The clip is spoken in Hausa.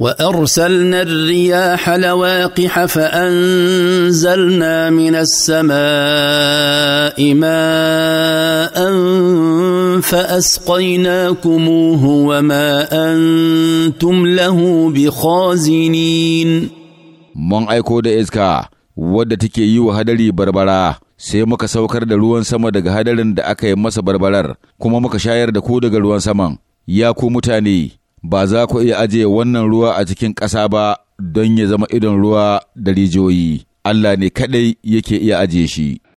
وارسلنا الرياح لواقح فانزلنا من السماء ماء فاسقيناكموه وما انتم له بخازنين mun aiko da iska wadda take yi wa hadari barbara sai muka saukar da ruwan sama daga hadarin da aka yi masa barbarar kuma muka shayar da ku daga ruwan saman ya ku mutane ba za ku iya ajiye wannan ruwa a cikin ƙasa ba don ya zama idon ruwa da rijiyoyi, Allah ne kaɗai yake iya ajiye shi.